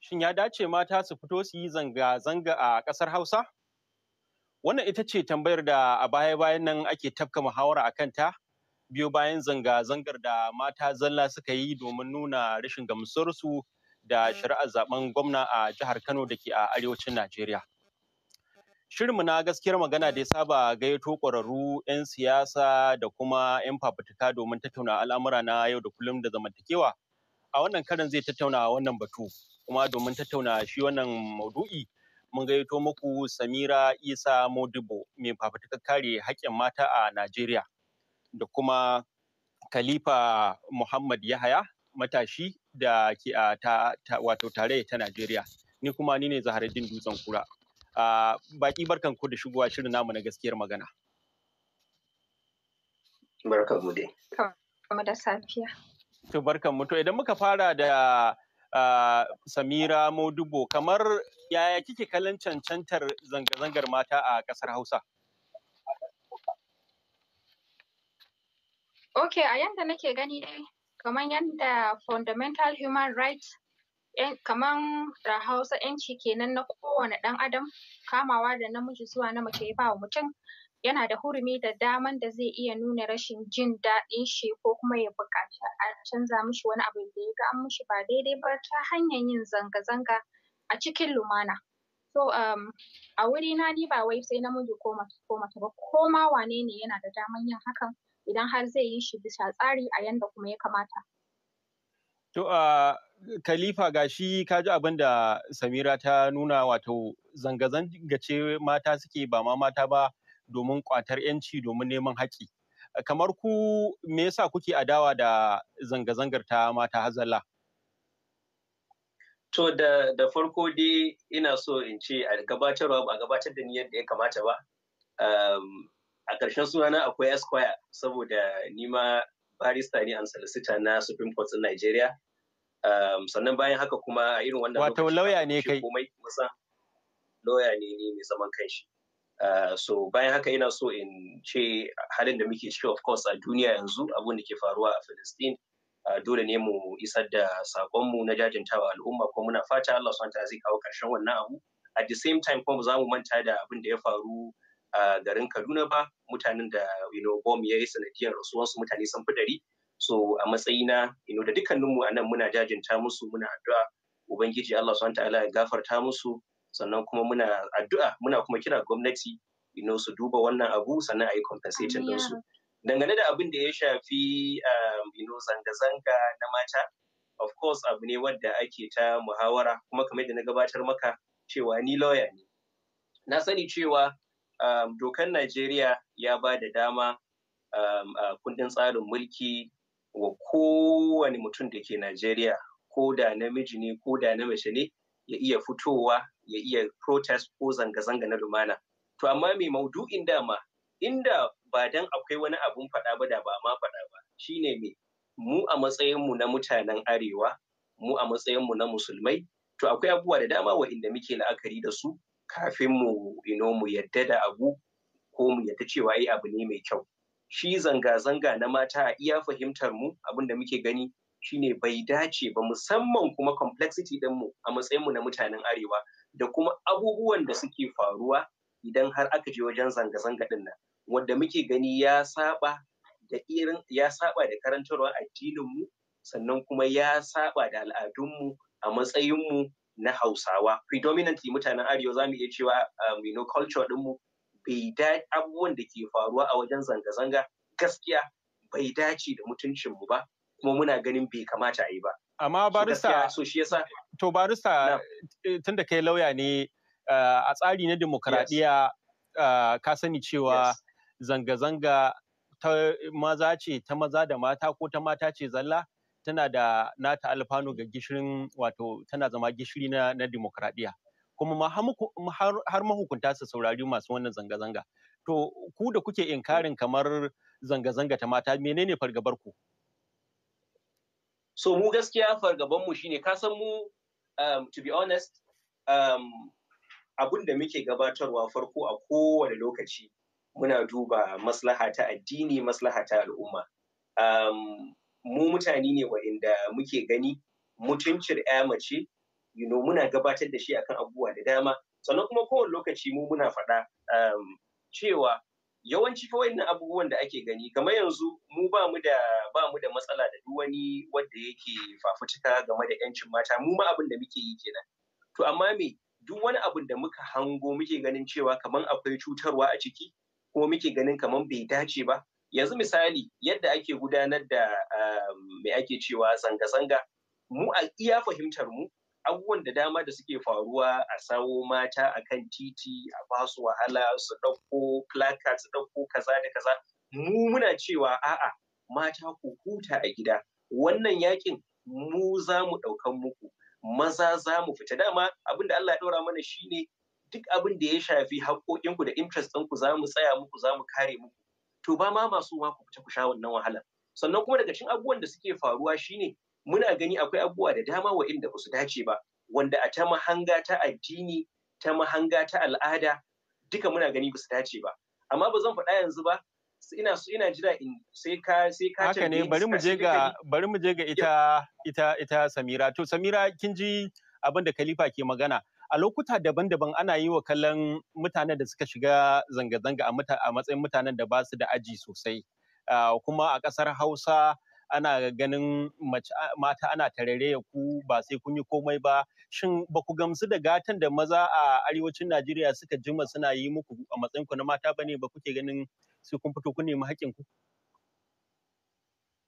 Shin ya dace mata su fito su yi zanga-zanga a ƙasar Hausa? Wannan ita ce tambayar da a baya-bayan nan ake tafka muhawara a kanta, biyo bayan zanga-zangar da mata zalla suka yi domin nuna rashin gamsuwarsu da shari'ar zaben gwamna a jihar Kano da ke a arewacin Najeriya. shirinmu na gaskiyar magana da ya saba gayyato ƙwararru 'yan siyasa da kuma 'yan fafutuka domin tattauna al'amura na yau da kullum da zamantakewa a wannan karin zai tattauna wannan batu kuma domin tattauna shi wannan maudu'i mun gayyato muku samira isa modibo mai fafutukar kare haƙƙin mata a najeriya da kuma khalifa muhammad yahaya matashi da ke a wato tare ta najeriya ni kuma ni ne zaharaddin dutsen kura baki barkan ku da shigowa shirin namu na gaskiyar magana. Barkan mu dai. Kuma da safiya. To barkan mu to idan muka fara da Samira Modubo kamar yaya kike kalan cancantar zanga-zangar mata a ƙasar Hausa? Ok, a yanda nake gani dai, kamar yadda Fundamental Human Rights kaman da hausa ‘yanci kenan na kowane ɗan adam kamawa da namiji zuwa na mace ya ba wa mutum yana da hurumi da daman da zai iya nuna rashin jin daɗin shi ko kuma ya buƙaci a canza mishi wani abu da ya ga an mishi ba daidai ba ta hanyar yin zanga-zanga a cikin lumana. So um, a wuri na ni ba wai sai namiji ko mace ko mace ba ko ma wane ne yana da daman yin hakan idan har zai yi shi bisa tsari a yanda kuma ya kamata. To uh, Khalifa gashi ka ji abin da Samira ta nuna wato zanga-zanga ce mata suke ba ma mata ba domin kwatar 'yanci domin neman haƙƙi. Kamar ku me yasa kuke adawa da zanga-zangar ta mata hazala? To da, da farko dai ina so in ce a gabatarwa ba a gabatar da ni yadda ya kamata ba. Um, a ƙarshen sunana akwai Esquire saboda ni ma barista ne an solicitor na Supreme Court Nigeria. Ehm, sannan bayan haka kuma a irin wannan wato lauya ne kai komai lauya ne ne mai zaman kanshi ehm, so bayan haka ina so in ce halin da muke ciki of course a duniya yanzu abun da ke faruwa a Palestine dole ne mu isar da sakonmu na jajintawa al'umma ko muna fata Allah subhanahu ta'ala zai kawo karshen wannan abu at the same time kuma za mu manta da abin da ya faru a garin Kaduna ba mutanen da you know bomb ya yi sanadiyar rasuwarsu mutane sun fi dari so a matsayina ino da dukkaninmu a nan muna jajinta musu muna addu'a ubangiji Allah subhanahu ta'ala ya gafarta musu sannan kuma muna addu'a muna kuma kira gwamnati ino su duba wannan abu sannan a yi compensation din su dangane da abin da ya shafi ino um, zanga-zanga na mata of course abu ne wadda ake ta muhawara kuma kamar da na gabatar maka cewa ni lawyer ne na sani cewa um, dokan Najeriya ya ba da dama um, kundin tsarin mulki wa kowane mutum da ke Najeriya ko da namiji ne ko da na mace ne ya iya fitowa ya iya protest ko zanga-zanga na lumana. To amma mai maudu'in dama inda ba dan akwai wani abun faɗa ba da ba ma faɗa ba shine me mu a matsayinmu na mutanen arewa mu a matsayinmu na musulmai to akwai abubuwa da dama wa inda muke la'akari da su kafin mu ino mu yadda da abu ko mu yadda cewa yi eh, abu ne mai kyau shi zanga-zanga na mata a iya fahimtar mu abin da muke gani shine bai dace ba musamman kuma complexity mu a matsayinmu na mutanen arewa da kuma abubuwan da suke faruwa idan har aka je wajen zanga-zanga ɗin nan wanda muke gani ya saba da irin ya saba da addininmu sannan kuma ya saba da al'adunmu a matsayinmu na hausawa predominantly mutanen arewa za mu iya cewa um, you know, culture ɗinmu bai da abubuwan da ke faruwa a wajen zanga-zanga gaskiya bai dace da mutuncinmu ba kuma muna ganin bai kamata a yi ba. Amma barista, To barista eh, tun da kai lauya ne eh, a tsari na demokaradiyya eh, ka sani cewa zanga-zanga ta maza ce ta maza da mata ko ta mata ce zalla tana da nata alfanu ga gishirin wato tana zama gishiri na, na kuma har mahukunta su saurari masu wannan zanga-zanga to ku da kuke inkarin kamar zanga-zanga ta mata menene fargabar ku so mu gaskiya fargaban mu shine ka san mu um, to be honest um, da muke gabatarwa farko a kowane lokaci muna duba maslaha ta addini maslaha ta al'umma um, mu mutane ne waɗanda muke gani mutuncin 'ya mace you know, muna gabatar da shi akan abubuwa da dama sannan kuma kowane lokaci mu muna faɗa um, cewa yawanci fa wayannan abubuwan da ake gani kamar yanzu mu ba mu da ba mu da matsala da duk wani wanda yake fafutuka game da yancin mata mu ma abin da muke yi kenan to amma me duk wani abin da muka hango muke ganin cewa kamar akwai cutarwa a ciki kuma muke ganin kamar bai dace ba yanzu misali yadda ake gudanar da um, me ake cewa zanga-zanga mu a iya fahimtar mu abubuwan da dama da suke faruwa a samo mata a kan titi a ba su wahala su ɗauko placard su ɗauko kaza da kaza mu muna cewa a'a mata ku huta a gida wannan yakin mu za mu ɗaukan muku maza za mu fita dama abin da Allah ya ɗora mana shi ne duk abin da ya shafi haƙoƙinku da interest ɗinku za mu tsaya muku za mu kare muku to ba ma masu ma ku fita ku sha wannan wahala sannan kuma daga cikin abubuwan da suke faruwa shine muna gani akwai abubuwa da dama wa'inda ba su dace ba wanda a ta mahanga ta addini ta mahanga ta al'ada duka muna gani ba su dace ba amma ba zan faɗa yanzu ba ina so ina jira in sai ka sai ka haka ne bari mu je ga bari mu je ga ita ita ita Samira to Samira kin ji abin da Khalifa ke magana a lokuta daban-daban ana yi wa kallon mutanen da suka shiga zanga-zanga a matsayin mutanen da ba su da aji sosai ah, kuma a ƙasar Hausa ana ganin mata ana ta tarare ku ba sai kun yi komai ba shin ba ku gamsu da gatan da maza a arewacin Najeriya suka jima suna yi muku a matsayin ku na mata ba ne ba kuke ganin sai kun fito kun nemi haƙƙin ku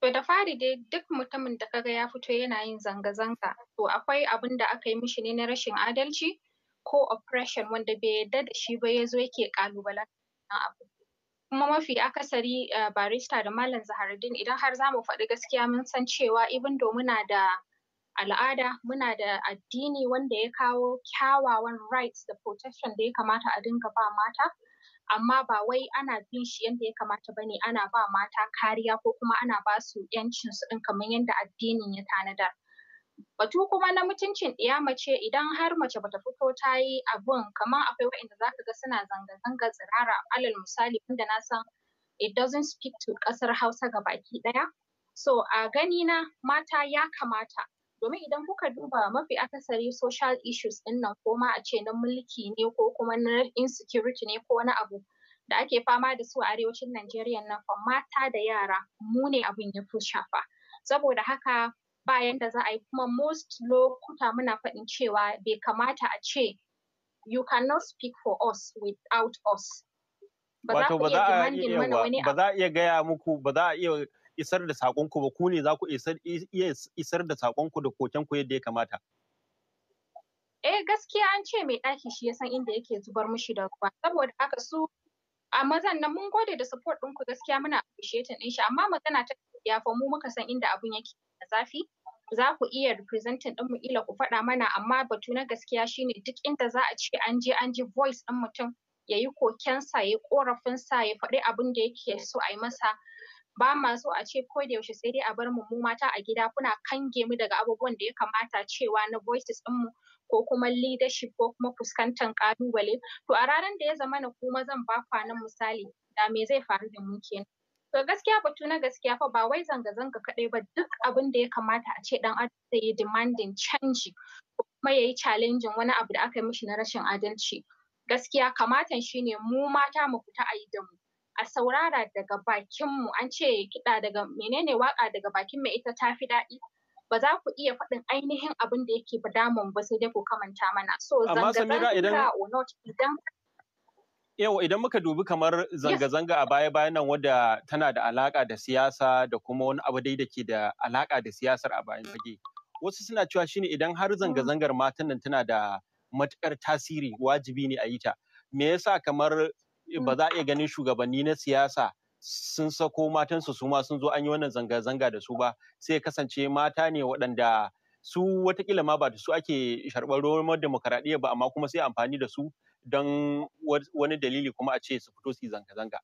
To da fari dai duk mutumin da kaga ya fito yana yin zanga-zanga to akwai abin da aka yi mishi ne na rashin adalci ko oppression wanda bai yarda da shi ba ya zo yake ƙalubalantar abu. kuma mafi akasari eh, barista da malam zaharuddin idan har za mu faɗi gaskiya mun san cewa ibin do muna da al'ada muna da addini wanda ya kawo kyawawan rights da protection da ya kamata a dinga ba mata amma ba wai ana bin shi yadda ya kamata ba ne, ana ba mata kariya ko kuma ana ba su yancin su ɗin kamar yadda addinin ya tanadar batu kuma na mutuncin ɗiya mace idan har mace bata fito tayi abun kamar akwai waɗanda za ka ga suna zanga-zanga tsirara alal misali wanda na san it doesn't speak to ƙasar hausa ga baki ɗaya so a gani na mata ya kamata domin idan kuka duba mafi akasari social issues ɗin nan ko ma a ce na mulki ne ko kuma na insecurity ne ko wani abu da ake fama da su a arewacin Najeriya nan fa mata da yara mu ne abin ya fi shafa saboda haka ba yanda za a yi kuma most lokuta muna faɗin cewa bai kamata a ce you cannot speak for us without us wato ba za a iya ba za a iya gaya muku ba za a iya isar da sakonku ba ku ne za ku iya isar da sakonku da kokenku yadda ya kamata eh gaskiya an ce mai ɗaki shi ya san inda yake zubar mushi da ruwa saboda haka su a mazan nan mun gode da support ɗinku gaskiya muna appreciating ɗin shi amma magana ta ya fa mu muka san inda abun yake da zafi za ku iya representing ɗin mu ila ku faɗa mana amma batu na gaskiya shine duk inda za a ce an je an ji voice ɗin mutum ya yi kokensa ya yi ƙorafinsa ya faɗi abin da yake so a yi masa ba ma so a ce ko da yaushe sai dai a bar mu mu mata a gida kuna kange mu daga abubuwan da ya kamata cewa na voices ɗin mu ko kuma leadership ko kuma fuskantar ƙalubale to a ranar da ya zama na kuma zan ba kwanan misali da me zai faru da mu kenan To gaskiya batu na gaskiya fa ba wai zanga-zanga kaɗai ba duk abin da ya kamata a ce dan adam zai yi demanding canji kuma ya yi challenging wani abu da aka yi mishi na rashin adalci. Gaskiya kamatan shi ne mu mata mu fita a yi da mu. A saurara daga bakinmu an ce kiɗa daga menene waƙa daga bakin mai ita ta fi daɗi. Ba za ku iya faɗin ainihin abin da yake damun ba sai dai ku kamanta mana. So zanga-zanga or not idan Yau idan muka dubi kamar zanga-zanga a baya-bayan nan wadda tana da alaka da siyasa da kuma wani abu dai da ke da alaka da siyasar a bayan fage. Wasu suna cewa shine idan har mm. zanga-zangar matan nan tana da matukar tasiri wajibi ne a yi ta. Me yasa kamar mm. ba za a iya ganin shugabanni na siyasa sun sako matansu su ma sun zo an yi wannan zanga-zanga da su ba sai kasance mata ne waɗanda su watakila ma ba da su ake sharɓar ruwan demokaradiyya ba amma kuma sai amfani da su don wani dalili kuma a ce su fito su yi zanga-zanga.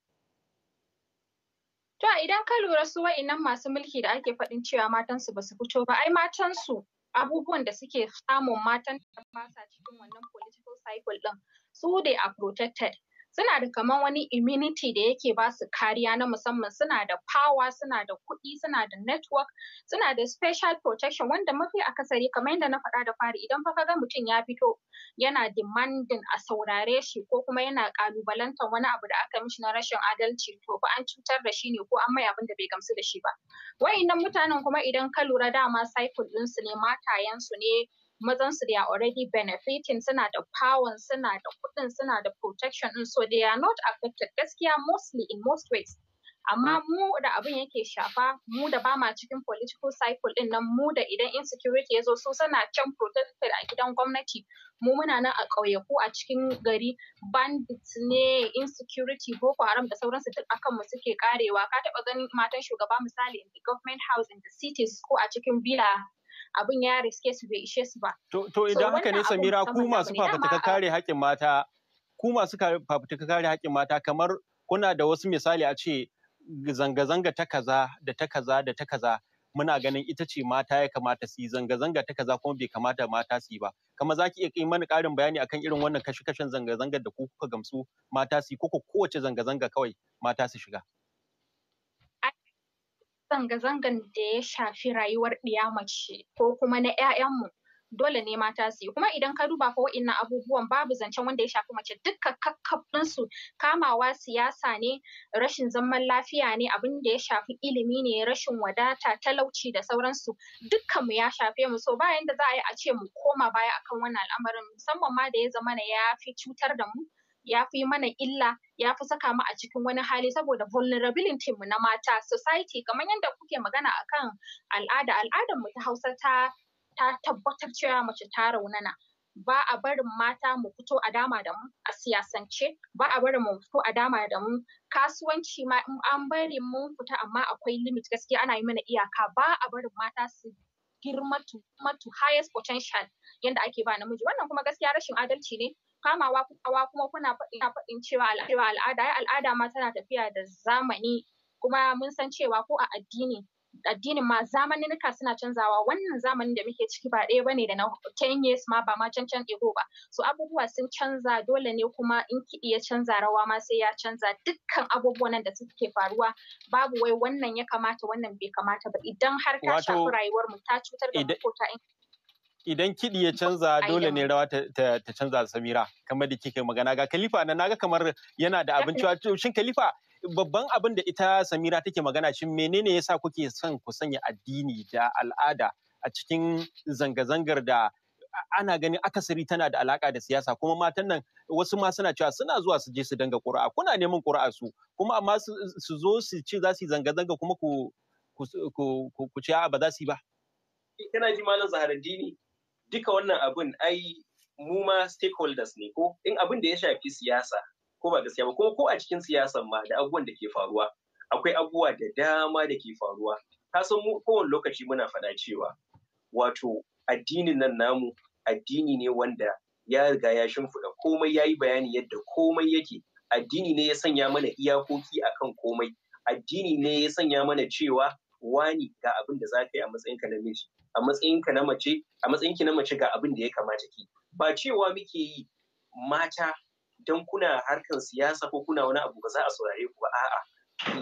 To idan ka lura su wa'innan masu mulki da ake faɗin cewa matansu ba su fito ba, ai matansu abubuwan da suke samun matan da ba sa cikin wannan political cycle ɗin su dai a protected. suna da kaman wani immunity da yake basu kariya na musamman suna da power suna da kuɗi suna da network suna da special protection wanda mafi akasari kamar yadda na faɗa da fari idan fa ga mutum ya fito yana demanding a saurare shi ko kuma yana ƙalubalantar wani abu da aka mishi na rashin adalci to fa an cutar da shi ne ko an mai abin da bai gamsu da shi ba wa'innan mutanen kuma idan ka lura dama cycle ɗinsu ne matayensu ne mazan su they are already benefiting suna da power suna da kuɗin suna da protection din so they are not affected gaskiya mostly in most ways amma mm. mu da abin yake shafa mu da ba ma cikin political cycle din nan mu da idan insecurity ya zo su suna can protected a gidan gwamnati mu muna nan a ƙauyaku a cikin gari bandits ne insecurity boko haram da sauransu duk akan mu suke karewa ka taɓa ganin matan shugaba misali in the government house in the cities ko a cikin villa abin ya riske su bai ishe su ba. To idan haka ne Samira ku masu fafutuka kare haƙƙin mata ku masu fafutuka kare haƙƙin mata kamar kuna da wasu misali a ce zanga-zanga ta kaza da ta kaza da ta kaza muna ganin ita ce mata ya kamata su yi zanga-zanga ta kaza kuma bai kamata mata su yi ba kamar za ki iya kai mana ƙarin bayani akan irin wannan kashe-kashen zanga-zangar da ku kuka gamsu mata su yi ko kowace zanga-zanga kawai mata su shiga. zanga-zangan da ya shafi rayuwar ɗiya mace ko kuma na 'ya'yanmu dole ne mata su yi kuma idan ka duba ko wa'innan abubuwan babu zancen wanda ya shafi mace dukkan kakkafin su kamawa siyasa ne rashin zaman lafiya ne abin da ya shafi ilimi ne rashin wadata talauci da sauransu dukkan mu ya shafe mu so bayan da za a yi a ce mu koma baya akan wannan al'amarin musamman ma da ya zama ya fi cutar da mu ya fi mana illa ya fi saka mu a cikin wani hali saboda vulnerability mu na mata society kamar yadda kuke magana akan al'ada al'adar mu ta Hausa ta ta tabbatar cewa mace ta raunana ba a barin mata mu fito a dama da mu a siyasance ba a barin mu fito a dama da mu kasuwanci ma in an bari mu fita amma akwai limit gaskiya ana yi mana iyaka ba a barin mata su girma to highest potential yanda ake ba namiji wannan kuma gaskiya rashin adalci ne kamawa kuma kuna faɗin cewa al'ada ya al'ada ma tana tafiya da zamani kuma mun san cewa ko a addini addinin ma zamaninka suna canzawa wannan zamanin da muke ciki ba ɗaya bane da na 10 years ma ba ma cancan ego ba so abubuwa sun canza dole ne kuma in kiɗi ya canza rawa ma sai ya canza dukkan abubuwan da suke faruwa babu wai wannan ya kamata wannan bai kamata ba idan har ta shafi rayuwar mu ta cutar da mu ko ta idan kiɗi ya canza dole ne rawa ta canza samira kamar da kike magana ga khalifa na naga kamar yana da abin cewa shin khalifa babban abin da ita samira take magana shin menene yasa kuke son ku sanya addini da al'ada a cikin zanga-zangar da ana ganin akasari tana da alaka da siyasa kuma matan nan wasu ma suna cewa suna zuwa su je su danga ƙura'a kuna neman ƙura'a su kuma amma su zo su ce za su yi zanga-zanga kuma ku ku ce ba za su yi ba. Kana ji malam jini. duka wannan abun ai mu ma stakeholders ne ko in abin da ya shafi siyasa ko ba gaskiya ba ko ko a cikin siyasan ma da abubuwan da ke faruwa akwai abubuwa da dama da ke faruwa ka san mu kowane lokaci muna faɗa cewa wato addinin nan namu addini ne wanda ya riga ya shimfiɗa komai ya yi bayani yadda komai yake addini ne ya sanya mana iyakoki akan komai addini ne ya sanya mana cewa wani ga abin da za ka yi a matsayinka na miji a matsayinka na mace a matsayinki na mace ga abin da ya kamata ki ba cewa muke yi mata don kuna harkar siyasa ko kuna wani abu ba za a saurare ku ba a'a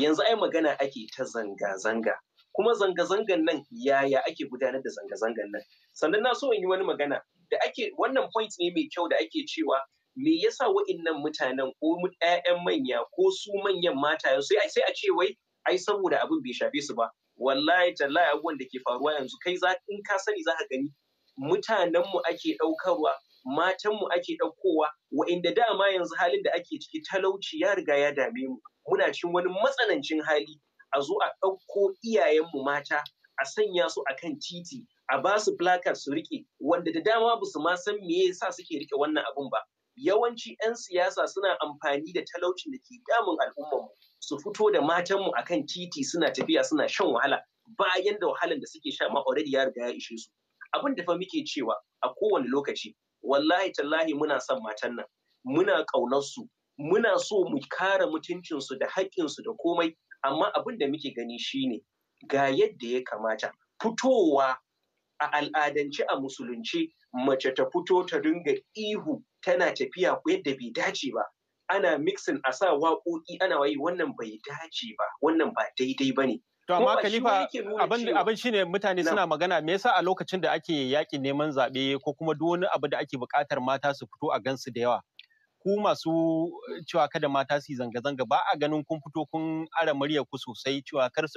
yanzu ai magana ake ta zanga-zanga kuma zanga-zangan nan yaya ake gudanar da zanga-zangan nan sannan na so in yi wani magana da ake wannan point ne mai kyau da ake cewa me yasa wa'innan mutanen ko ƴaƴan manya ko su manyan mata sai a ce wai ai saboda abin bai shafe su ba wallahi tallahi abubuwan da ke faruwa yanzu kai za in ka sani za ka gani mutanenmu ake ɗaukarwa matanmu ake ɗaukowa wa'inda dama yanzu halin da ake ciki talauci ya riga ya dame mu muna cikin wani matsanancin hali a zo a ɗauko iyayenmu mata a sanya su a kan titi a ba su placard su rike wanda da dama ba su ma san me yasa suke rike wannan abun ba yawanci 'yan siyasa suna amfani da talaucin da ke damun al'ummar mu su fito da matanmu akan titi suna tafiya suna shan wahala bayan da wahalan da suke sha ma already ya riga ya ishe su abin da fa muke cewa a kowane lokaci wallahi tallahi muna son matan nan muna ƙaunar su muna so mu kare mutuncin su da haƙƙin su da komai amma abin da muke gani shine ga yadda ya kamata fitowa a al'adance a musulunci mace ta fito ta dinga ihu tana tafiya yadda bai dace ba ana mixing a sa waƙoƙi ana wayi wannan bai dace ba wannan ba daidai ba ne. To amma Khalifa abin shine mutane suna magana me yasa a lokacin da ake yaƙin neman zaɓe ko kuma duk wani abu da ake buƙatar mata su fito a gansu da yawa ku masu cewa kada mata su zanga-zanga ba a ganin kun fito kun ara murya ku sosai cewa kar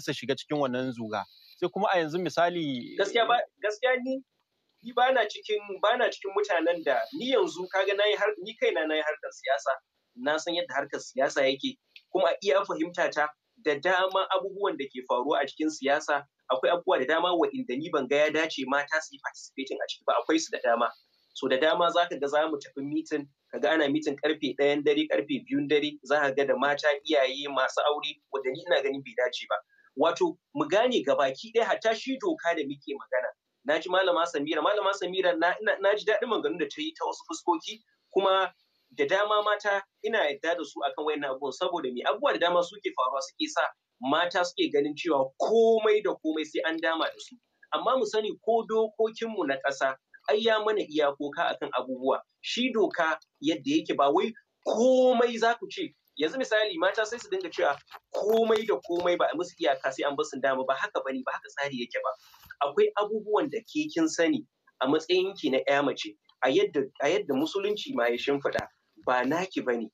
su shiga cikin wannan zuga sai kuma a yanzu misali gaskiya ba gaskiya ni ni bana cikin na cikin mutanen da ni yanzu kaga nayi har ni kaina nayi harkar siyasa na san yadda harkar siyasa yake kuma a iya fahimta ta da dama abubuwan da ke faruwa a cikin siyasa akwai abubuwa da dama wa'inda ni ban ga ya dace mata su yi participating a ciki ba akwai su da dama so da dama za ka ga za mu tafi mitin kaga ana mitin karfe ɗayan dare karfe biyun dare za ka ga da mata iyaye masu aure wanda ni ina ganin bai dace ba wato mu gane gabaki ɗaya hatta shi doka da muke magana na ji malama samira malama samira na, ji daɗin maganganun da ta yi ta wasu fuskoki kuma da dama mata ina yadda da su akan wayannan abubuwan saboda me abubuwa da dama suke faruwa suke sa mata suke ganin cewa komai da komai sai an dama da su amma mu sani ko dokokinmu na ƙasa ai ya mana iyakoka akan abubuwa shi doka yadda yake ba wai komai za ku ce yanzu misali mata sai su dinga cewa komai da komai ba a musu iyaka sai an basu dama ba haka bane ba haka tsari yake ba akwai abubuwan da ke kin sani a matsayin ki na ƴa mace a yadda a yadda musulunci ma ya shimfiɗa ba naki bane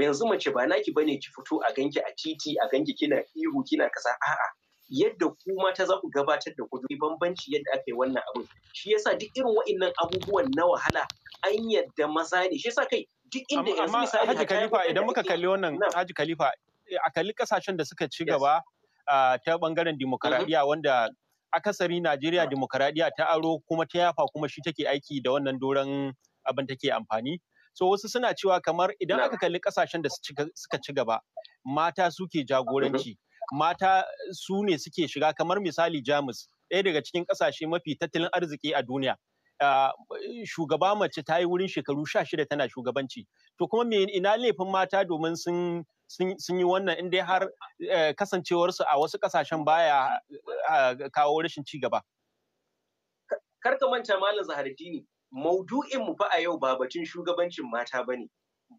yanzu mace ba naki bane ki fito a ganki a titi a ganki kina ihu kina kasa a'a yadda ku mata za ku gabatar da kuɗi bambanci yadda aka yi wannan abin shi yasa duk irin wa'annan abubuwan na wahala an yadda maza ne shi yasa kai duk inda yanzu misali Haji Khalifa idan muka kalli wannan Haji Khalifa eh, a kalli kasashen da suka ci gaba ah, ta bangaren mm-hmm. demokaradiyya wanda akasari Najeriya demokaradiyya ta aro kuma ta yafa kuma shi take aiki da wannan doron abin take amfani. So wasu suna cewa kamar idan aka kalli kasashen da suka ci gaba mata suke jagoranci mm-hmm. mata su ne suke shiga kamar misali Jamus ɗaya daga cikin kasashe mafi tattalin arziki a duniya. Ah, shugaba mace ta yi wurin shekaru sha shida tana shugabanci to kuma me ina laifin mata domin sun sun yi wannan in dai har eh, kasancewarsu a wasu kasashen baya eh, eh, kawo rashin cigaba. gaba. Kar ka manta Malam Dini, maudu'in mu fa a yau ba batun shugabancin mata ba ne,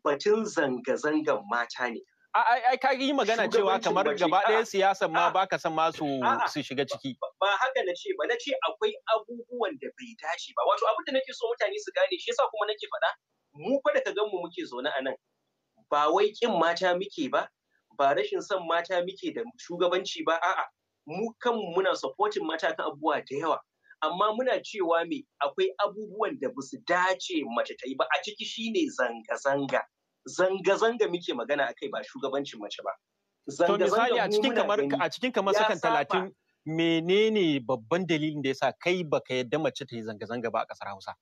batun zanga-zangan mata ne. Ai, ka yi magana cewa kamar gaba ɗaya siyasan ma ba ka san masu su shiga ciki. Ba haka na ce ba, na ce akwai abubuwan da bai dace ba. Wato abin da nake so mutane su gane shi yasa kuma nake faɗa mu fa da ka gan mu muke zaune a nan ba wai ƙin mata muke ba ba rashin son mata muke da shugabanci ba a'a mu kanmu muna supporting mata kan abubuwa da yawa amma muna cewa me akwai abubuwan da su dace mace ta yi ba a ciki shine zanga-zanga zanga-zanga muke magana akai ba shugabancin mace ba zanga-zanga a cikin kamar Ya cikin sakan talatin menene babban dalilin da yasa kai baka yadda mace ta yi zanga-zanga ba a ƙasar Hausa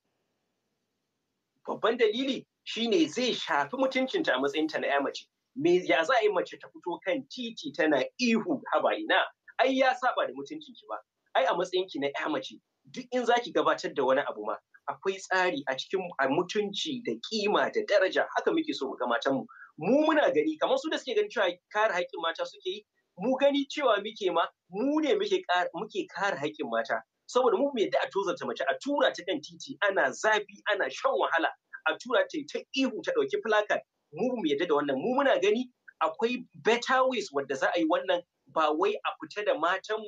babban dalili shine zai shafi mutuncinta a matsayinta na 'ya mace me ya za a yi mace ta fito kan titi tana ihu haba ina ai ya saba da mutuncin ki ba ai a matsayin ki na ya mace duk in zaki gabatar da wani abu ma akwai tsari a cikin mutunci da kima da daraja haka muke so mu ga matan mu mu muna gani kamar su da suke gani cewa kare haƙƙin mata suke yi mu gani cewa muke ma mu ne muke muke kare haƙƙin mata saboda mu mai da a tozarta mace a tura ta kan titi ana zafi ana shan wahala a tura ta ta ihu ta ɗauki placard mu mu yadda da wannan mu muna gani akwai better ways wadda za a yi wannan ba wai a fita da matanmu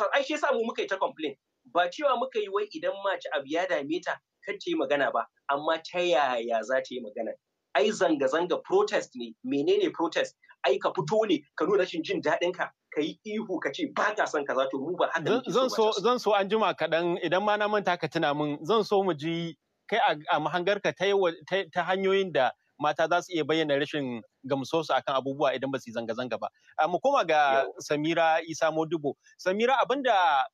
a ai shi yasa mu muka yi ta complain ba cewa muka yi wai idan mace abu ya dame ta kar ta yi magana ba amma ta yaya za ta yi magana ai zanga-zanga protest ne menene protest ai ka fito ne ka nuna rashin jin daɗin ka ka yi ihu ka ce ba ka son kaza to mu ba haka zan so zan so an jima kaɗan idan ma na manta ka tuna min zan so mu ji kai a mahangarka ta hanyoyin da mata za su iya bayyana rashin gamsosu akan abubuwa idan ba su zanga-zanga ba. Mu koma ga Samira Isa modubo Samira abinda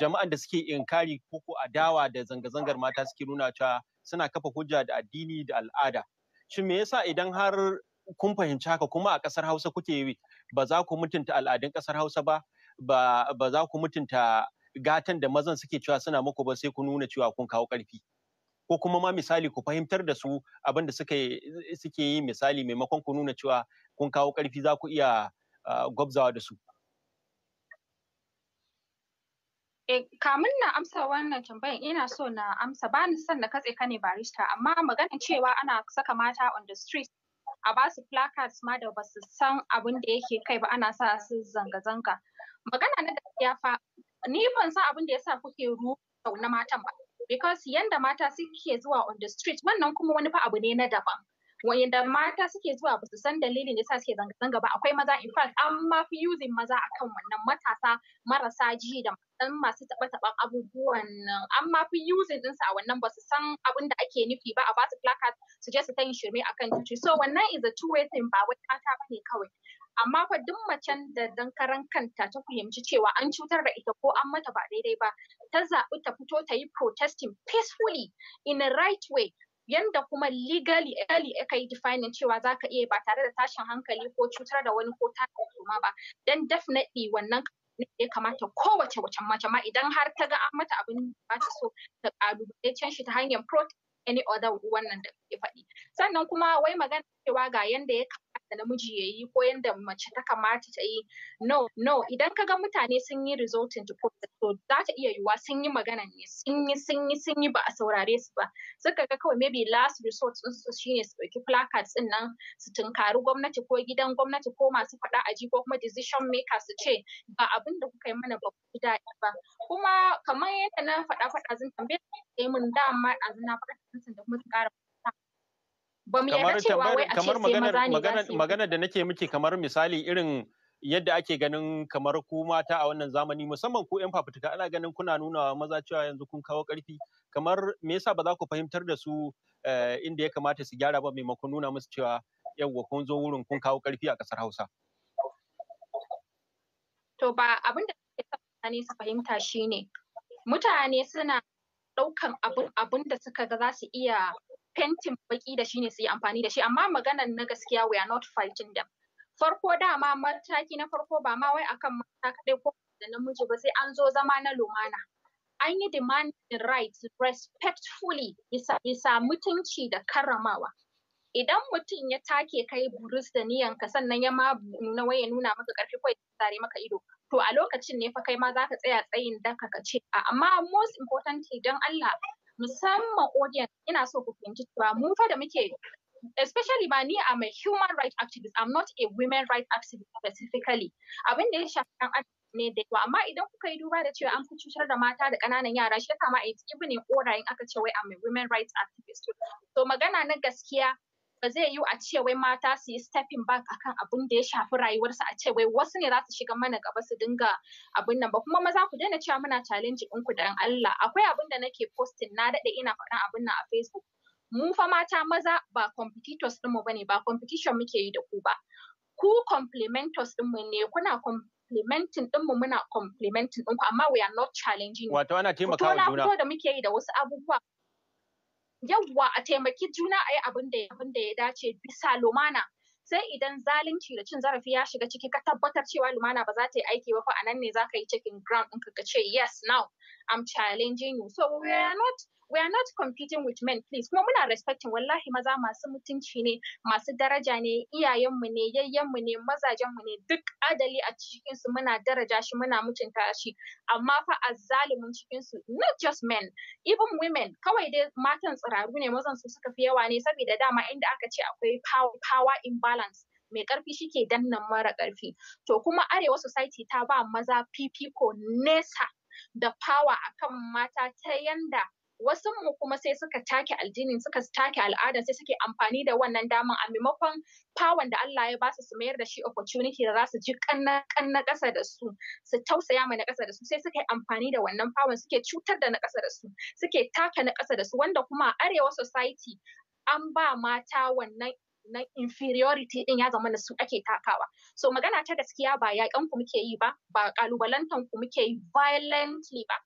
jama'an da suke inkari ko ko adawa da zanga-zangar mata suke nuna cewa suna kafa hujja da addini da al'ada. Shin me yasa idan har kun fahimci haka kuma a ƙasar Hausa kuke yi ba za ku mutunta al'adun ƙasar Hausa ba, ba za ku mutunta gatan da mazan suke cewa suna muku ba sai ku nuna cewa kun kawo ƙarfi. ko kuma ma misali ku fahimtar da su abin da suke yi misali maimakon ku nuna cewa kun kawo ƙarfi za ku iya ah, gwabzawa da su. Eh, kamun na amsa wannan tambayan ina so na amsa ba ni son na katse ka ne barista amma maganin cewa ana saka mata on the street a ba su placards ma da ba su san abin da yake kai ba ana sa su zanga-zanga magana na ya fa ni ban san abin da yasa kuke ruwa na matan ba because yanda mata suke zuwa on the street wannan kuma wani fa abu ne na daban wayanda mata suke zuwa ba su san dalilin da suke zanga-zanga ba akwai maza in fact an ma fi using maza akan wannan matasa marasa ji da dan masu taɓa-taɓan abubuwan nan an ma fi using ɗinsu a wannan ba su san abin da ake nufi ba a basu placard su je su ta yin shirme akan titi so wannan is a two way thing ba wai kata bane kawai amma fa duk macen da dan karan kanta ta fahimci cewa an cutar da ita ko an mata ba daidai ba ta zaɓi ta fito ta yi protesting peacefully in a right way yanda kuma legally legally aka yi defining cewa za ka iya ba tare da tashin hankali ko cutar da wani ko ta kuma ba dan definitely wannan ya kamata kowace wacce mace ma idan har ta ga an mata abin ba ta so ta kalubalacen shi ta hanyar protest any other wannan da ya faɗi sannan kuma wai magana cewa ga yanda ya da namiji ya yi ko yadda mace ta kamata ta yi no no idan ka ga mutane sun yi resulting to to za ta iya yiwuwa sun yi magana ne sun yi sun yi sun yi ba a saurare su ba suka ga kawai maybe last resort din su shine su ɗauki placards din nan su tunkari gwamnati ko gidan gwamnati ko masu faɗa a ji ko kuma decision maker su ce ba abin da kuka yi mana ba ku daɗi ba kuma kamar yadda na faɗa faɗa zan tambaye mun dama ɗazun na faɗa da kuma su ƙara ba mu yarda cewa wai a ce sai maza ne za su magana da nake miki kamar misali irin yadda ake ganin kamar ku mata a wannan zamani musamman ku yan fafutuka ana ganin kuna nuna maza cewa yanzu kun kawo karfi kamar me yasa ba za ku fahimtar da su eh, inda ya kamata su gyara ba maimakon nuna musu cewa yawwa kun zo wurin kun kawo karfi a kasar Hausa to ba abin da mutane su fahimta shine mutane suna ɗaukan abun abun da suka ga za su iya fentin baki da shi ne su yi amfani da shi amma maganan na gaskiya we are not fighting them farko dama mataki na farko ba ma wai akan mata kaɗai ko da namiji ba sai an zo zama na lumana an yi demanding rights respectfully isa mutunci da karramawa idan mutum ya take kai burus da niyan ka sannan ya ma nuna waye nuna maka karfi ko ya maka ido to a lokacin ne fa kai ma zaka tsaya tsayin daka ka ce amma most importantly don Allah musamman audience ina so ku fahimci cewa mu fa da muke especially ba ni am a human rights activist I'm not a women rights activist specifically abin da ya shafi ɗan ne da yawa amma idan kuka yi duba da cewa an fi cutar da mata da ƙananan yara shi yasa ma a yi ne ƙorayin aka ce wai I'm a women rights activist so magana na gaskiya ba zai yiwu a ce wai mata su yi stepping back akan abun da ya shafi rayuwarsu a ce wai wasu ne za su shiga mana gaba su dinga abun nan ba kuma maza ku daina cewa muna challenge ku dan Allah akwai abin da nake posting na daɗe ina faɗan abun nan a Facebook mu fa mata maza ba competitors mu bane ba competition muke yi da ku ba ku complementors mu ne kuna din mu, muna din ku? amma we are not challenging wato ana taimakawa juna da muke yi da wasu abubuwa yawwa a taimaki juna a yi abin da ya dace bisa lumana sai idan zalunci da cin zarafi ya shiga ciki ka tabbatar cewa lumana ba za ta yi aiki ba fa a nan ne za ka yi cikin ground in ka ce yes now I'm challenging you so we are not we are not competing with men please kuma muna respecting wallahi maza masu mutunci ne masu daraja ne iyayenmu ne yayyenmu ne mazajenmu ne duk adali a cikin su muna daraja shi muna mutunta shi amma fa azzalumin cikin su not just men even women kawai dai matan tsiraru ne mazan su suka fi yawa ne saboda dama inda aka ce akwai power imbalance mai karfi shike dannan mara karfi to kuma arewa society ta ba maza fifiko nesa da power akan mata ta yanda wasu mu kuma sai suka take aljinin suka take al'ada sai suke amfani da wannan daman a maimakon pawan da Allah ya basu su mayar da shi opportunity da za su ji kanna kanna kasa da su su tausaya mai na kasa da su sai suka yi amfani da wannan pawan suke cutar da na kasa da su suke taka na kasa da su wanda kuma a arewa society an ba mata wannan na inferiority din ya zama da su ake takawa so magana ta gaskiya ba yaƙan ku muke yi ba ba kalubalantan ku muke yi violently ba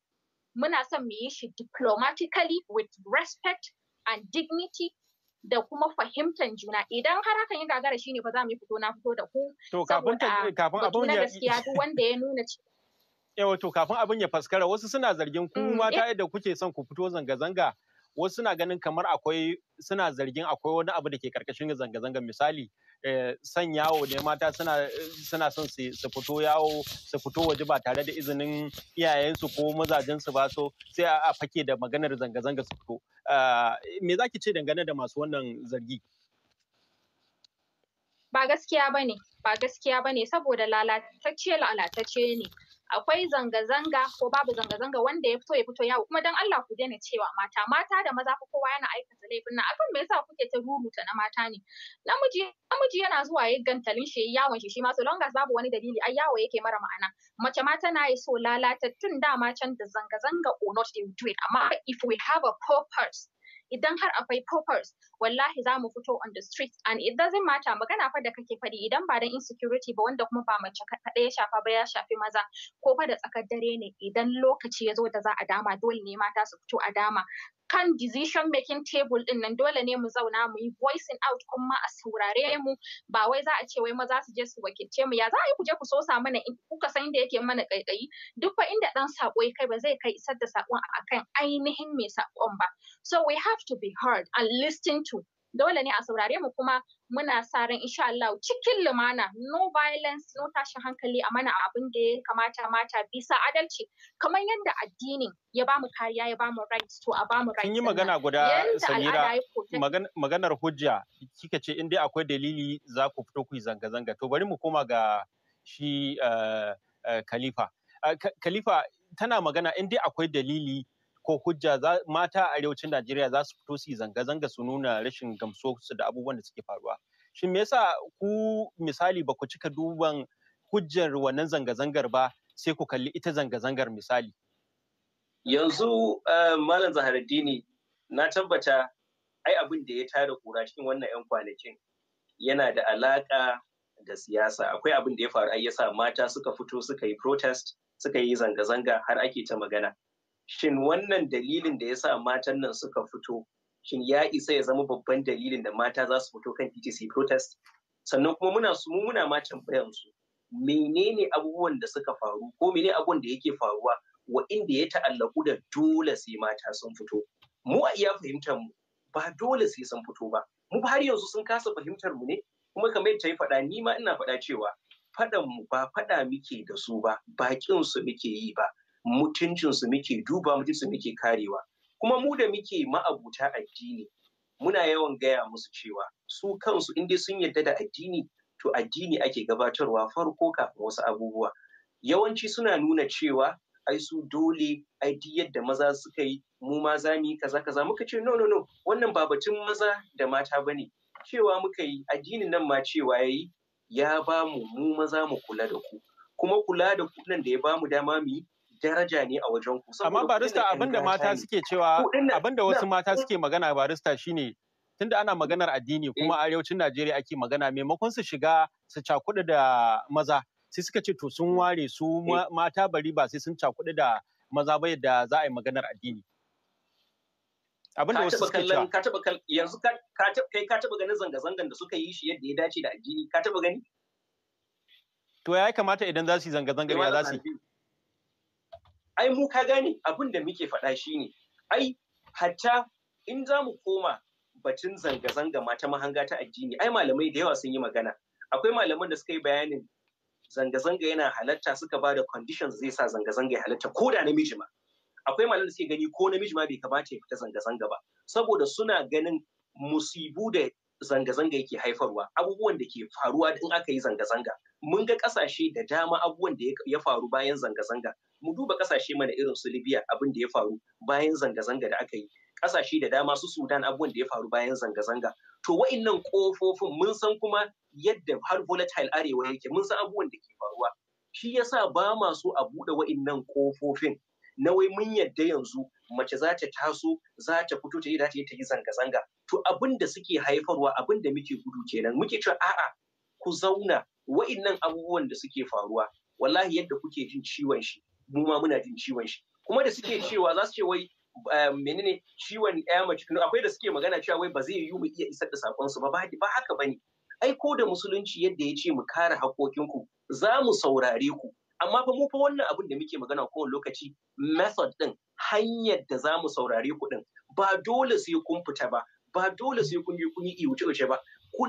muna son mu yi shi diplomatically with respect and dignity da kuma fahimtar juna idan har hakan ya gagara shine ba za mu yi fito na fito da ku to kafin kafin abun ya gaskiya duk wanda ya nuna yawa to kafin abin ya faskara wasu suna zargin ku mm, ma eh. ta yadda kuke son ku fito zanga-zanga wasu suna ganin kamar akwai suna zargin akwai wani abu da ke karkashin zanga-zanga misali Eh, son yawo ne mata suna son su fito yawo su fito waje ba tare da izinin iyayensu ko mazajensu ba so sai a fake da maganar zanga-zanga su fito ah, me ki ce dangane da masu wannan zargi ba gaskiya bane ba gaskiya bane saboda lalatacce lalatacce ne akwai zanga-zanga ko babu zanga-zanga wanda ya fito ya fito yawo kuma don Allah ku daina cewa mata mata da maza fa kowa yana aikata laifin nan akan me yasa kuke ta ruruta na mata ne namiji namiji yana zuwa ya gantalin shi yawon shi shi ma so long as babu wani dalili ai yawo yake mara ma'ana mace ma tana yi so lalatattun dama can da zanga-zanga or not they do it amma if we have a purpose idan har akwai purpose wallahi za mu fito on the street and it doesn't matter magana fa da kake fadi idan ba dan insecurity ba wanda kuma ba mace kaɗai ya shafa ba ya shafi maza ko fa da tsakar dare ne idan lokaci ya zo da za a dama dole ne mata su fito a dama kan decision making table din nan dole ne mu zauna mu yi voicing out kuma a saurare mu ba wai za a ce wai maza su je su wakilce mu ya za a yi kuje ku sosa mana in kuka san inda yake mana kaikayi duk fa inda dan sako ya kai ba zai kai isar da sakon akan ainihin mai sakon ba so we have to be heard and listened to dole ne a saurare mu kuma muna sa ran insha Allah cikin lumana no violence no tashin hankali a mana abin da ya kamata mata bisa adalci kamar yadda addinin ya ba mu kariya ya ba mu right to a ba mu rights kin yi magana guda Samira maganar hujja kika ce in dai akwai dalili za ku fito ku yi zanga zanga to bari mu koma ga shi eh, eh, Khalifa eh, Khalifa tana magana in dai akwai dalili ko hujja mata a arewacin Najeriya za su fito su yi zanga-zanga su nuna rashin gamsuwarsu da abubuwan da suke faruwa. Shin me yasa ku misali ba ku cika duban hujjar wannan zanga-zangar ba sai ku kalli ita zanga-zangar misali? Yanzu eh, Malam Zaharaddini na tabbata ai abin da ya tara kura cikin wannan 'yan kwanakin yana da alaƙa da siyasa akwai abin da ya faru ai yasa mata suka fito suka yi protest suka yi zanga-zanga har ake ta magana shin wannan dalilin da ya sa matan nan suka fito shin ya isa ya zama babban dalilin da mata za su fito kan titi protest sannan kuma muna su muna ma tambayan su menene abubuwan da suka faru ko mene abubuwan da yake faruwa wa inda ya ta'allaku da dole sai mata sun fito mu a iya fahimtar mu ba dole sai sun fito ba mu har yanzu sun kasa fahimtar mu ne kuma kamar yadda yi faɗa ni ma ina faɗa cewa faɗan mu ba faɗa muke da su ba bakin su muke yi ba mutuncinsu muke duba mutuncinsu muke karewa kuma mu da muke ma'abuta addini muna yawan gaya musu cewa su kansu in dai sun yadda da addini to addini ake gabatarwa farko kafin wasu abubuwa yawanci suna nuna cewa ai su dole ai duk yadda maza suka yi mu ma za mu yi kaza kaza muka ce no no no wannan ba batun maza da mata bane cewa muka yi addinin nan ma cewa yayi ya ba mu mu maza mu kula da ku kuma kula da ku nan da ya ba mu dama mu yi daraja ne a wajen ku. Amma barista abinda mata suke cewa abinda wasu mata suke magana barista shine tunda ana maganar addini eh. kuma arewacin Najeriya ake magana maimakon su shiga su cakuɗu da maza sai suka ce to sun ware su eh. mata bari ba sai sun cakuɗu da maza ba yadda za a yi maganar addini. abin da wasu suka cewa ka taɓa kallon yanzu kai ka taɓa ganin zanga-zangan da suka yi shi yadda ya dace da addini ka taɓa gani to ya kamata idan za su yi zanga-zangar ya za su yi ai mu ka gane abin da muke faɗa shine ai hatta in za mu koma batun zanga-zanga mata mahanga ta addini ai malamai da yawa sun yi magana akwai malaman da suka yi bayanin zanga-zanga yana halatta suka ba da conditions zai sa zanga-zanga ya halatta ko da namiji ma akwai malaman da suke gani ko namiji ma bai kamata ya fita zanga-zanga ba saboda suna ganin musibu da zanga-zanga yake haifarwa abubuwan da ke faruwa in aka yi zanga-zanga mun ga kasashe da dama abubuwan da ya faru bayan zanga-zanga mu duba kasashe mana irin su libya abin da ya faru bayan zanga-zanga da aka yi kasashe da dama su sudan abubuwan da ya faru bayan zanga-zanga to wa'innan kofofin mun san kuma yadda har volatile arewa yake mun san abubuwan da ke faruwa shi yasa ba ma so a buɗe wa'innan kofofin na wai mun yadda yanzu mace za ta taso za ta fito ta yi za ta yi zanga-zanga to abin da suke haifarwa abin da muke gudu kenan muke cewa a'a ku zauna wa'innan abubuwan da suke faruwa wallahi yadda kuke jin ciwon shi mu ma muna jin ciwon shi kuma da suke cewa za su ce wai eh, menene ciwon ɗaya mace akwai da suke magana cewa wai ba zai yiwu mu iya isar da sakon su ba ba haka bane ai ko da musulunci yadda ya ce mu kare ku za mu saurare ku amma fa mu fa wannan abin da muke magana kowane lokaci method din hanyar da za mu saurare ku din ba dole sai kun fita ba ba dole sai kun yi kun yi iwuce wuce ba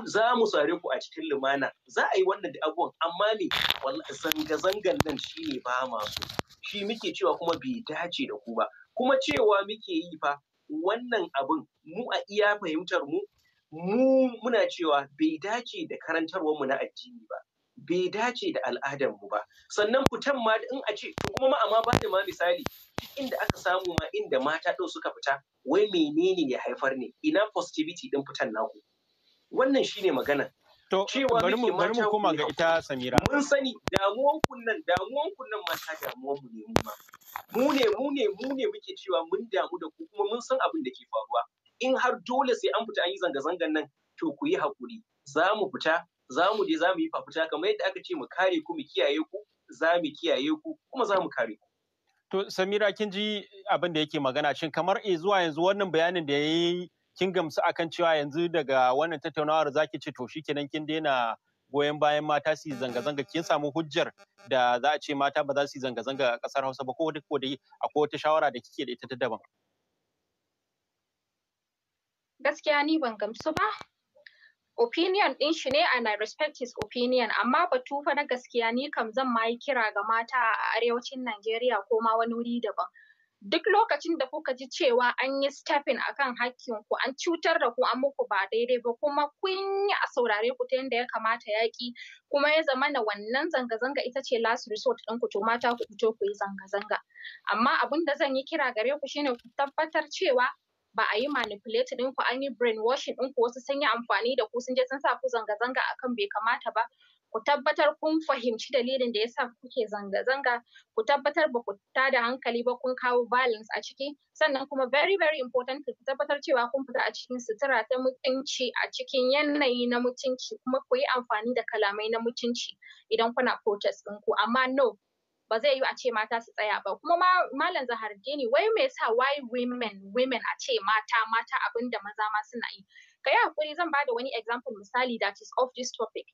za mu sare ku a cikin lumana za a yi wannan da abubuwan amma me zanga-zangan nan shi ne ba masu shi muke cewa kuma bai dace da ku ba kuma cewa muke yi fa wannan abin mu a iya fahimtar mu mu muna cewa bai dace da karantarwar mu na addini ba bai dace da al'adar mu ba sannan fitan ma in a ce kuma ma amma bani ma misali inda aka samu ma inda mata ɗin suka fita wai menene ya haifar ne ina positivity ɗin fitan naku wannan shine magana to bari mu bari mu koma ga ita Samira mun sani damuwan kunnan damuwan kunnan mata damuwan mu ne mu ma mu ne mu ne mu ne muke cewa mun damu da ku kuma mun san abin da ke faruwa in har dole sai an fita an yi zanga zangan nan to ku yi hakuri za mu fita za mu je za mu yi fafuta kamar yadda aka ce mu kare ku mu kiyaye ku za mu kiyaye ku kuma za mu kare ku To Samira kin ji abin da yake magana shin kamar e zuwa yanzu wannan bayanin da ya kin gamsu akan cewa yanzu daga wannan tattaunawar ki ce to shi kenan kin daina goyon bayan mata su zanga-zanga kin samu hujjar da za a ce mata ba za su yi zanga-zanga a kasar Hausa ba ko da ko dai akwai wata shawara da kike da ita ta daban gaskiya ni ban gamsu ba opinion ɗin shi ne and I respect his opinion amma batu fa na gaskiya ni kam zan ma yi kira ga mata a arewacin Najeriya ko ma wani wuri daban duk lokacin da kuka ji cewa an yi stepping akan hakkin ku an cutar da ku an muku ba daidai ba kuma kun yi a saurare ku ta yadda ya kamata yaƙi kuma ya zama na wannan zanga-zanga ita ce last resort ɗin ku to mata ku fito ku yi zanga-zanga amma abin da zan yi kira gare ku shine ku tabbatar cewa ba a yi manipulate ɗin ku an yi brainwashing ɗin ku wasu sun yi amfani da ku sun je sun sa ku zanga-zanga akan bai kamata ba ku tabbatar kun fahimci dalilin da yasa kuke zanga-zanga ku tabbatar ba ku tada hankali ba kun kawo balance a ciki sannan kuma very very important ku tabbatar cewa kun fita a cikin sutura ta mutunci a cikin yanayi na mutunci kuma ku yi amfani da kalamai na mutunci idan kuna protest ku amma no ba zai yiwu a ce mata su tsaya ba kuma malam zahar gini wai me yasa why women women a ce mata mata abinda maza ma suna yi ka yi hakuri zan ba da wani example misali that is of this topic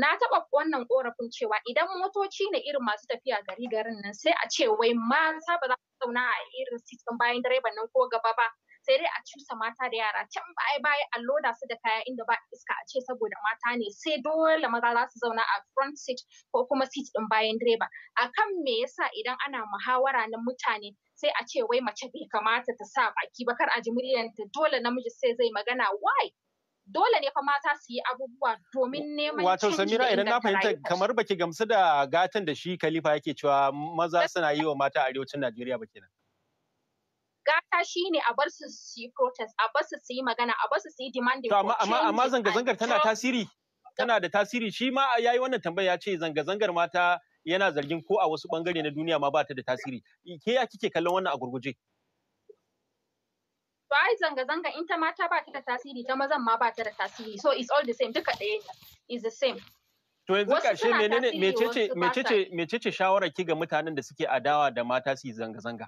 na taɓa wannan korafin cewa idan motoci ne irin masu tafiya gari garin nan sai a ce wai mata ba za su zauna a irin sitin bayan direban nan ko gaba ba sai dai a cusa mata da yara can baya baya a loda su da kaya inda ba iska a ce saboda mata ne sai dole maza za su zauna a front seat ko kuma seat din bayan direba a kan me yasa idan ana muhawara na mutane sai a ce wai mace bai kamata ta sa baki ba kar a ji muryanta dole namiji sai zai magana why dole ne fa mata su yi abubuwa domin neman wato samira idan na fahimta kamar baki gamsu da gatan da shi khalifa yake cewa maza suna yi wa mata arewacin najeriya ba kenan gata shine a bar su su yi protest a bar su su yi magana a bar su su yi demanding to amma amma zanga zangar tana tasiri tana da tasiri shi ma yayi wannan tambaya ya ce zanga zangar mata yana zargin ko a wasu bangare na duniya ma ba ta da tasiri ke ya kike kallon wannan a gurguje to ai zanga-zanga in ta mata ba ta da tasiri ta mazan ma ba ta da tasiri so it's all the same duka ɗaya is the same to yanzu ƙarshe menene mecece mecece mecece shawara ki ga mutanen da suke adawa da mata su yi zanga-zanga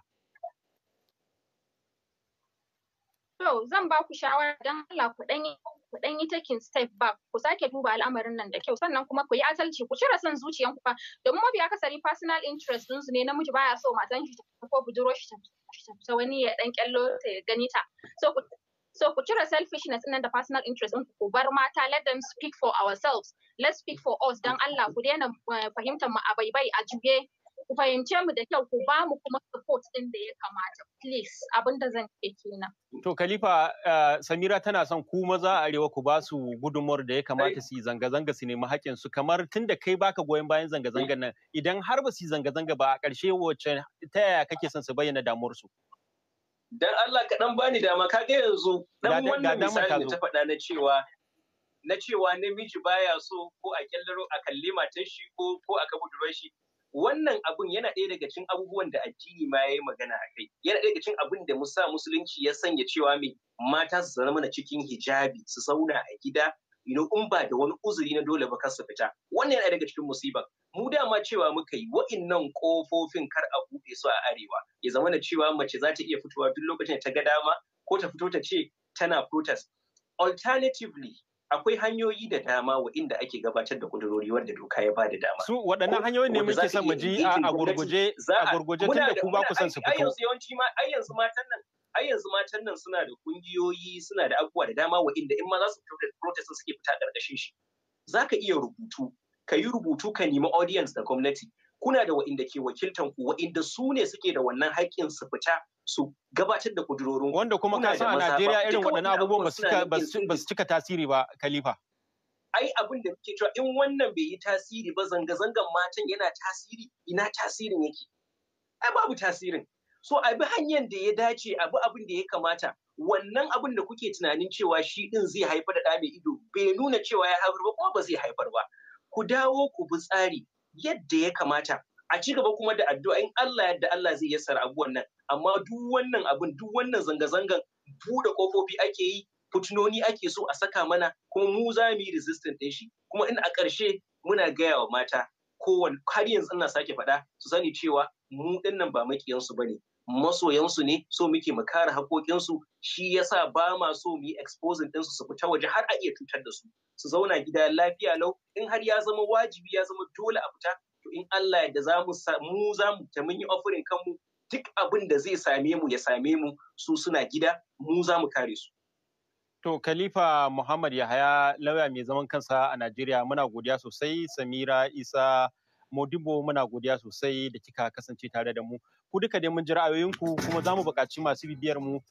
To zan ba ku shawara don Allah ku ɗan ku ɗan yi taking step back ku sake duba al'amarin nan da kyau sannan kuma ku yi asalci ku cire son zuciyan ku fa domin mafi akasari personal interest ɗinsu ne namiji baya so matan shi ko budurwar shi ta wani ya ɗan kyallo ta ya gani ta so ku so ku cire selfishness nan da personal interest ɗinku ku bar mata let them speak for ourselves let's speak for us don Allah ku daina eh, fahimtar mu a baibai a juye ku fahimce mu da kyau ku ba mu kuma support din da ya kamata please abin da zan ce kenan to khalifa eh, samira tana son ku maza a arewa ku ba su gudunmuwar da ya kamata su yi zanga-zanga su nemi haƙƙin su kamar tun da kai baka goyon bayan zanga zanga nan idan har ba su yi zanga-zanga ba a ƙarshe wacce ta yaya kake son su bayyana damuwar su dan Allah ka dan bani dama ka ga yanzu dan wannan misali ta faɗa na cewa na cewa namiji baya so ko a kyallaro a kalli matar shi ko ko aka budurwar shi wannan abun yana ɗaya daga cikin abubuwan da addini ma yayi magana a kai yana ɗaya daga cikin abun da musa musulunci ya sanya cewa mai mata su zama mana cikin hijabi su zauna a gida ino in ba da wani uzuri na dole ba su fita wannan yana daga cikin musiba mu dama cewa muka yi wa'innan kofofin kar a buɗe su a arewa ya zama na cewa mace za ta iya fitowa duk lokacin da ta ga dama ko ta fito ta ce tana protest alternatively akwai hanyoyi da dama wa inda ake gabatar da kudurori wanda doka ya bada dama. Su waɗannan hanyoyin ne muke son mu ji a gurguje a gurguje tun da ku ba ku son su fito. Yanzu ma ai yanzu matan nan ai yanzu matan nan suna da kungiyoyi suna da abubuwa da dama wa inda in ma za su fito da protest suke fita ƙarƙashin shi. Za ka iya rubutu ka yi rubutu ka nemi audience da gwamnati kuna da wa'inda ke wakiltan ku wa'inda su ne suke da wannan haƙƙin su fita su gabatar da kudurorin wanda kuma ka san a Najeriya irin waɗannan abubuwan ba su cika tasiri ba Khalifa ai abin da muke cewa in wannan bai yi tasiri ba zanga-zangan matan yana tasiri ina tasirin yake ai babu tasirin so a bi hanyar da ya dace a bi abin da ya kamata wannan abin da kuke tunanin cewa shi din zai haifar da ɗa mai ido bai nuna cewa ya haifar ba kuma ba zai haifar ba ku dawo ku bi tsari yadda ya kamata a ci gaba kuma da addu'a in Allah yadda Allah zai yassara abuwan nan amma duk wannan abin duk wannan zanga-zangan buɗe kofofi ake yi fitinoni ake so a saka mana kuma mu za mu yi resistant ɗin shi kuma in a ƙarshe muna gaya wa mata kowane har yanzu ina sake faɗa su sani cewa mu ɗin nan ba maƙiyansu ba ne masoyansu ne so muke mu kare haƙoƙinsu shi yasa ba ma so mu yi exposing ɗinsu su fita waje har a iya cutar da su su zauna gida lafiya lau in har ya zama wajibi ya zama dole a fita to in Allah da za mu mu za mu ta mun yi offering kanmu duk abin da zai same mu ya same mu su suna gida mu za mu kare su To Khalifa Muhammad Yahaya lauya mai zaman kansa a Najeriya muna godiya sosai Samira Isa Modibo muna godiya sosai da kika kasance tare da mu. ku duka dai mun ji ra'ayoyinku kuma za mu buƙaci masu bibiyar mu